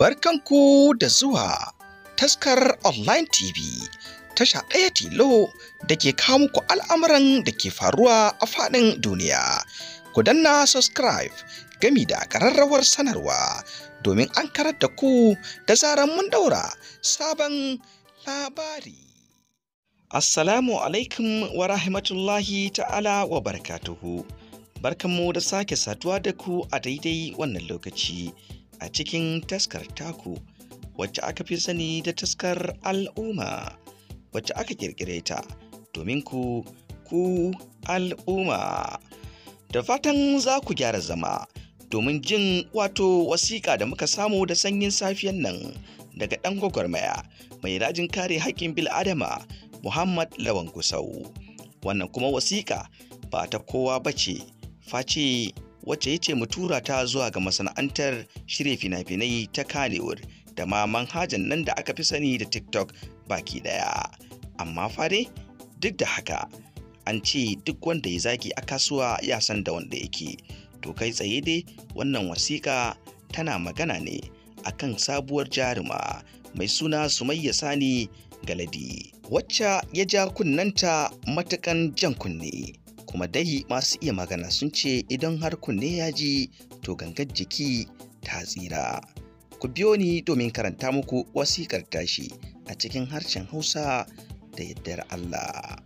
barkanku da zuwa taskar online tv tasha ɗaya tilo da ke kawo muku al'amuran da ke faruwa a faɗin duniya ku danna subscribe gami da ƙararrawar sanarwa domin an karar da ku da zaran mun daura sabon labari assalamu alaikum wa rahmatullahi ta'ala wa barakatuhu barkanmu da sake saduwa da ku a daidai wannan lokaci a cikin taskar taku wacce aka fi sani da taskar al'umma wacce aka kirkire ta domin ku ku al'umma da fatan za ku gyara zama domin jin wato wasiƙa da muka samu da sanyin safiyan nan daga ɗan gwagwarmaya mai rajin kare haƙƙin bil'adama muhammad lawan gusau wannan kuma wasiƙa ba ta kowa ba ce face wacce ya ce mu tura ta zuwa ga masana'antar shirya fina-finai ta Kanewar da ma manhajan nan da aka fi sani da TikTok baki daya. Amma fare duk da haka an ce duk wanda ya zaki a kasuwa ya san da wanda yake. To kai tsaye dai wannan wasiƙa tana magana ne akan sabuwar jaruma mai suna Sumayya Sani Galadi wacce ya ja kunnanta matukan jan kunne. kuma dai masu iya magana sun ce idan har kunne ya ji to gangar jiki ta tsira ku biyo ni domin karanta muku wasiƙar tashi a cikin harshen hausa da yaddar allah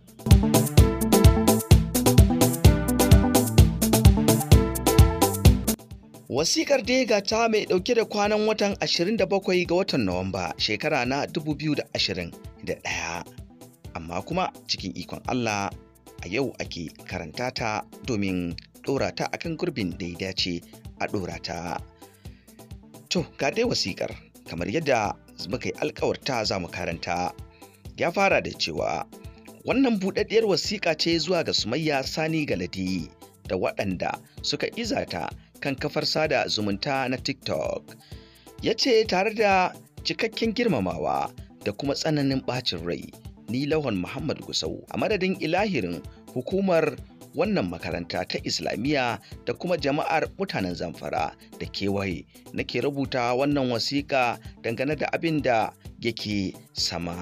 Wasikar dai ga ta mai ɗauke da kwanan watan 27 ga watan Nuwamba shekara na 2021 amma kuma cikin ikon Allah a yau ake karanta ta domin ɗora ta kan gurbin da ya dace a ɗora ta. To, ga dai wasiƙar kamar yadda muka yi alkawarta za mu karanta. Ya fara da cewa wannan buɗaɗɗiyar wasiƙa ce zuwa ga Sumayya Sani Galadi da waɗanda suka ta kan kafar sada zumunta na TikTok. Ya ce tare da cikakken girmamawa da kuma tsananin ɓacin rai ni Lawan Muhammad Gusau a madadin ilahirin hukumar wannan makaranta ta Islamiyya da kuma jama'ar mutanen Zamfara da kewaye nake rubuta wannan wasiƙa dangane da abin da yake sama.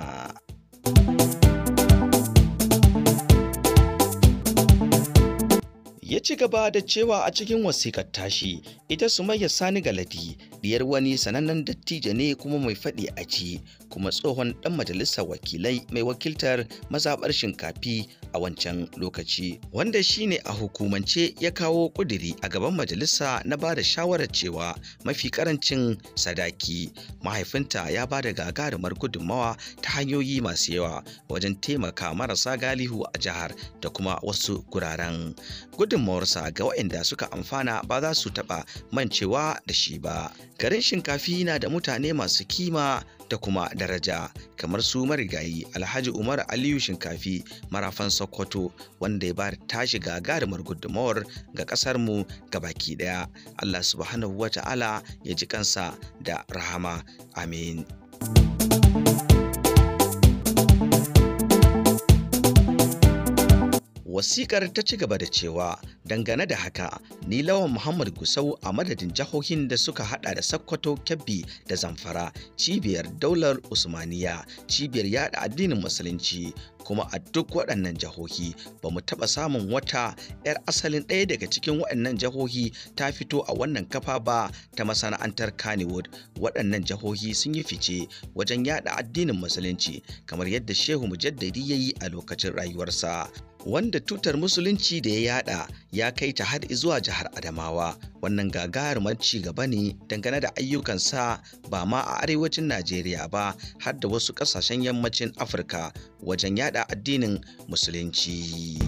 ya ci gaba da cewa a cikin wasikar tashi ita sumayya sani galadi diyar wani sanannen dattijo ne kuma mai faɗi a ci kuma tsohon ɗan majalisar wakilai mai wakiltar mazaɓar shinkafi a wancan lokaci wanda shi ne a hukumance ya kawo ƙudiri a gaban majalisa na ba da shawarar cewa mafi karancin sadaki mahaifinta ya ba da gagarumar gudunmawa ta hanyoyi masu yawa wajen taimaka marasa galihu a jihar da kuma wasu guraren gudun gudunmuwarsa ga waɗanda suka amfana ba za su taɓa mancewa da shi ba. Garin shinkafi na da mutane masu kima da kuma daraja kamar su marigayi Alhaji Umar Aliyu Shinkafi marafan Sokoto wanda ya ta shiga gagarumar gudunmuwar ga ƙasar mu baki ɗaya. Allah subhanahu wa ta'ala ya ji kansa da rahama. Amin. wasikar ta ci gaba da cewa dangane da haka ni lawan muhammad gusau a madadin jihohin da suka hada da sakkwato kebbi da zamfara cibiyar daular usmaniya cibiyar yada addinin musulunci kuma a duk waɗannan jihohi ba mu taɓa samun wata 'yar asalin ɗaya daga cikin waɗannan jihohi ta fito a wannan kafa ba ta masana'antar Kannywood waɗannan jihohi sun yi fice wajen yada addinin musulunci kamar yadda Shehu Mujaddadi ya yi a lokacin rayuwarsa wanda tutar musulunci da ya yada ya kai ta har zuwa jihar Adamawa wannan gagarumar ci gaba ne dangane da ayyukansa ba ma a arewacin najeriya ba har da wasu ƙasashen yammacin afirka wajen yada addinin musulunci.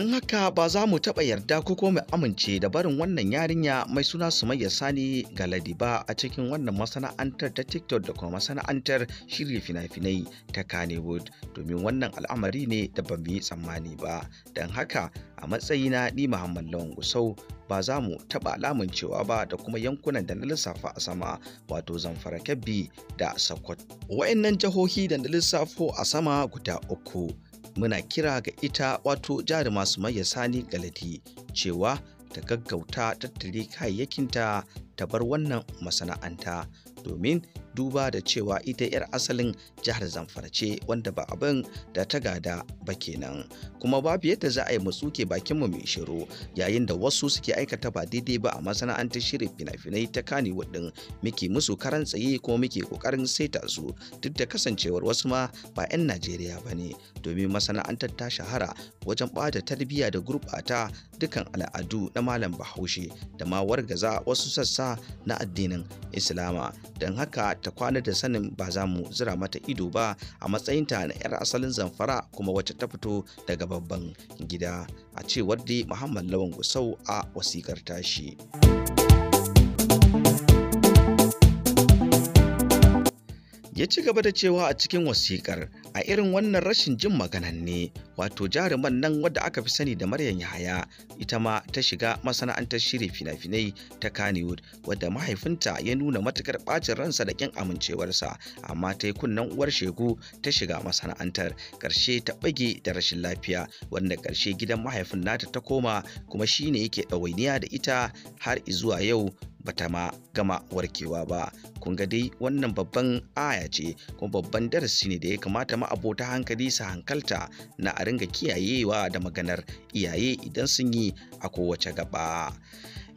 don haka ba za mu taɓa yarda ko kuma mu amince da barin wannan yarinya mai suna sumayya sani galadi ba a cikin wannan masana'antar ta tiktok da kuma masana'antar shirya fina-finai ta kannywood domin wannan al'amari ne da ba mu yi tsammani ba don haka a matsayina ni muhammad lawan gusau ba za mu taɓa lamuncewa ba da kuma yankunan da na lissafa a sama wato zamfara kebbi da sakwat. wa'annan jihohi da na lissafo a sama guda uku muna kira ga ita wato jari masu maye sani galadi cewa ta gaggauta tattare kayayyakinta ta bar wannan masana'anta domin duba da cewa ita 'yar asalin jihar zamfara ce wanda ba abin da ta gada ba kenan kuma babu yadda za a yi mutsuke bakin mu mai shiru yayin da wasu suke aikata ba daidai ba a masana'antar shirin fina-finai ta kani din muke musu karan tsaye kuma muke kokarin saita su duk da kasancewar wasu ma ba 'yan najeriya ba ne domin masana'antar ta shahara wajen bada tarbiyya da gurɓata dukan al'adu na malam bahaushe da ma wargaza wasu sassa na addinin islama don haka ta kwana da sanin ba za mu zira mata ido ba a matsayinta na 'yar asalin zamfara kuma wacce ta fito daga babban gida a cewar dai muhammad lawan gusau a wasikar tashi. ya ci gaba da cewa a cikin wasiƙar a irin wannan rashin jin maganan ne wato jaruman nan wadda aka fi sani da maryam yahaya ita ma ta shiga masana'antar shirin fina-finai ta kannywood wadda mahaifinta ya nuna matukar ɓacin ransa da ƙin amincewarsa amma ta yi kunnen uwar shegu ta shiga masana'antar ƙarshe ta ɓage da rashin lafiya wanda ƙarshe gidan mahaifin nata ta koma kuma shine yake ɗawainiya da ita har zuwa yau Ba ta ma gama warkewa ba kun ga dai wannan babban aya ce kuma babban darasi ne da ya kamata ma abota hankali su hankalta na a ringa kiyayewa da maganar iyaye idan sun yi a kowace gaba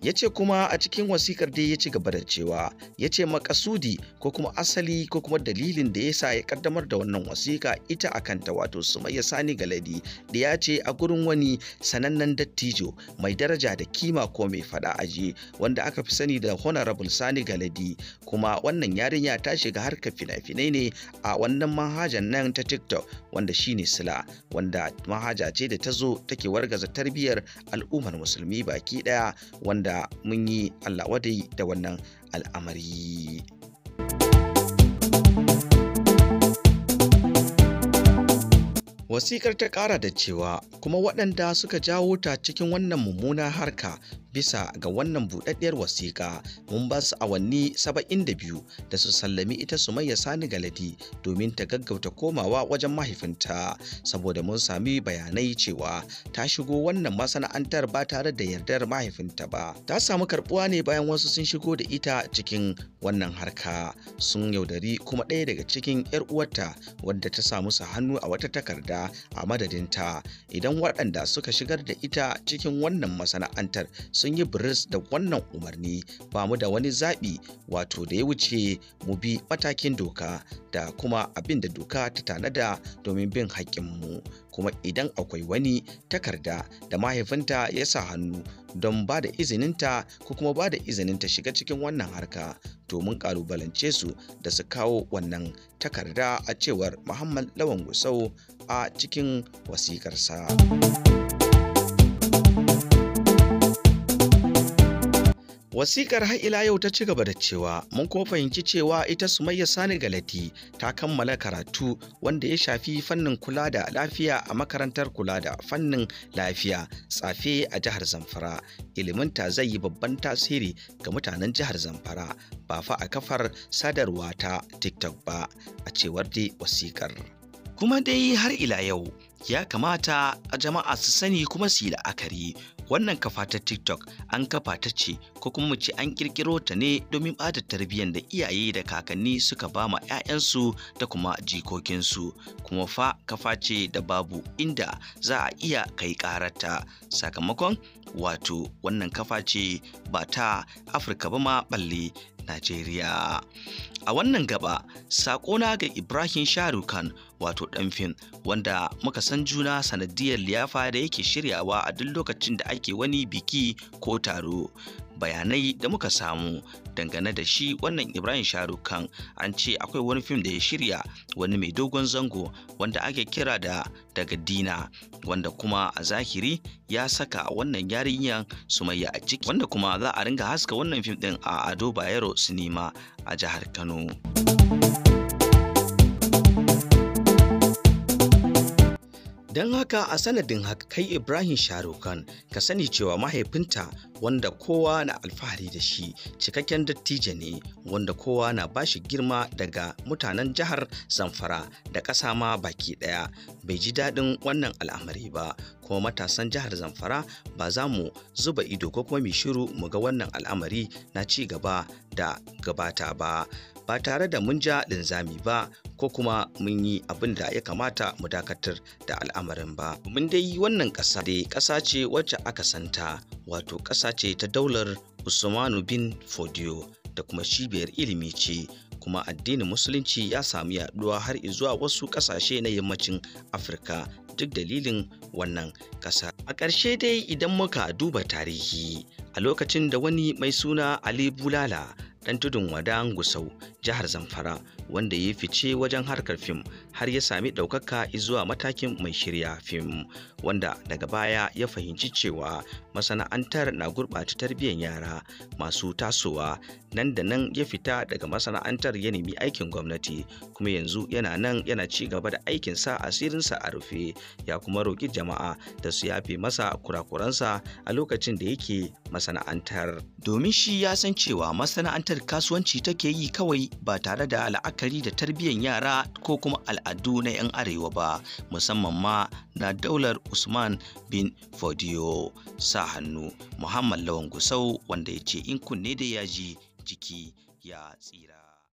ya ce kuma a cikin wasikar dai ya ci gaba da cewa ya ce makasudi ko kuma asali ko kuma dalilin da ya sa ya kaddamar da wannan wasika ita a kanta wato sumayya sani galadi da ya ce a gurin wani sanannen dattijo mai daraja da kima ko mai fada aji wanda aka fi sani da honorable sani galadi kuma wannan yarinya ta shiga harkar fina-finai ne a wannan manhajar nan ta tiktok wanda shine sila wanda manhaja ce da ta zo take wargaza tarbiyyar al'ummar musulmi baki daya wanda da mun yi Allah wadai da wannan al'amari. wasikar ta ƙara da cewa kuma waɗanda suka jawo ta cikin wannan mummuna harka bisa ga wannan buɗaɗɗiyar wasiƙa mun ba su awanni saba'in da biyu da su sallami ita su Sumayya Sani Galadi domin ta gaggauta komawa wajen mahaifinta saboda mun sami bayanai cewa ta shigo wannan masana'antar ba tare da yardar mahaifinta ba ta samu karbuwa ne bayan wasu sun shigo da ita cikin wannan harka sun yaudari kuma ɗaya daga cikin 'yar uwarta wadda ta samu su hannu a wata takarda a madadinta idan waɗanda suka shigar da ita cikin wannan masana'antar sun yi biris da wannan umarni ba mu da wani zaɓi wato da ya wuce mu bi matakin doka da kuma abin da doka ta tanada domin bin haƙƙinmu kuma idan akwai wani takarda da mahaifinta ya sa hannu don ba da izininta ko kuma ba da izininta shiga cikin wannan harka domin kalubalance su da su kawo wannan takarda a cewar muhammad lawan gusau a cikin wasikarsa. Wasikar har ila yau ta ci gaba da cewa mun kuma fahimci cewa ita Sumayya Sani Galati ta kammala karatu wanda ya shafi fannin kula da lafiya a makarantar kula da fannin lafiya tsafe a jihar Zamfara. Ilimin ta zai yi babban tasiri ga mutanen jihar Zamfara ba fa a kafar sadarwa ta TikTok ba a cewar dai wasikar. Kuma dai har ila yau ya kamata a jama'a su sani kuma su yi la'akari wannan kafa ta tiktok an kafa ta ce ko kuma mu ce an kirkiro ta ne domin da tarbiyyar da iyaye da kakanni suka ba ma 'ya'yansu da kuma jikokinsu kuma fa kafa ce da babu inda za a iya kai karata sakamakon wato wannan kafa ce ba ta afirka ba ma balle Najeriya. A wannan gaba, sakona ga Ibrahim Sharukan wato ɗan fim wanda muka san juna sanadiyar liyafa da yake shiryawa a duk lokacin da ake wani biki ko taro. bayanai da muka samu dangane da shi wannan ibrahim sharukan an ce akwai wani fim da ya shirya wani mai dogon zango wanda ake kira da daga dina wanda kuma a zahiri ya saka wannan yarinyar sumayya a ciki wanda kuma za a ringa haska wannan fim din a ado bayero sinima a jihar kano Don haka a sanadin haka kai Ibrahim Sharukan ka sani cewa mahaifinta wanda kowa na alfahari da shi cikakken dattijo ne wanda kowa na bashi girma daga mutanen jihar Zamfara da ƙasa ma baki ɗaya bai ji daɗin wannan al'amari ba kuma matasan jihar Zamfara ba za mu zuba ido ko kuma mu shiru mu ga wannan al'amari na ci gaba da gabata ba ba tare da mun ja linzami ba ko kuma mun yi abin da ya kamata mu dakatar da al'amarin ba mun dai yi wannan ƙasa dai ƙasa ce wacce aka santa wato ƙasa ce ta daular usmanu bin fodio da kuma cibiyar ilimi ce kuma addinin musulunci ya samu yaduwa har zuwa wasu ƙasashe na yammacin afirka duk dalilin wannan ƙasar. a ƙarshe dai idan muka duba tarihi a lokacin da wani mai suna ali bulala ɗan tudun wadan gusau jihar zamfara wanda ya fice wajen harkar fim har ya sami ɗaukaka zuwa matakin mai shirya fim wanda daga baya ya fahimci cewa masana'antar na gurɓata tarbiyyar yara masu tasowa nan da nan ya fita daga masana'antar ya nemi aikin gwamnati kuma yanzu yana nan yana ci gaba da aikinsa asirinsa a rufe ya kuma roƙi jama'a da su yafe masa kurakuransa a lokacin da yake masana'antar domin shi ya san cewa masana'antar fatar kasuwanci take yi kawai ba tare da la'akari da tarbiyyar yara ko kuma al'adu na 'yan arewa ba musamman ma na daular usman bin fodiyo sa hannu muhammad lawan gusau wanda ya ce in kunne da yaji jiki ya tsira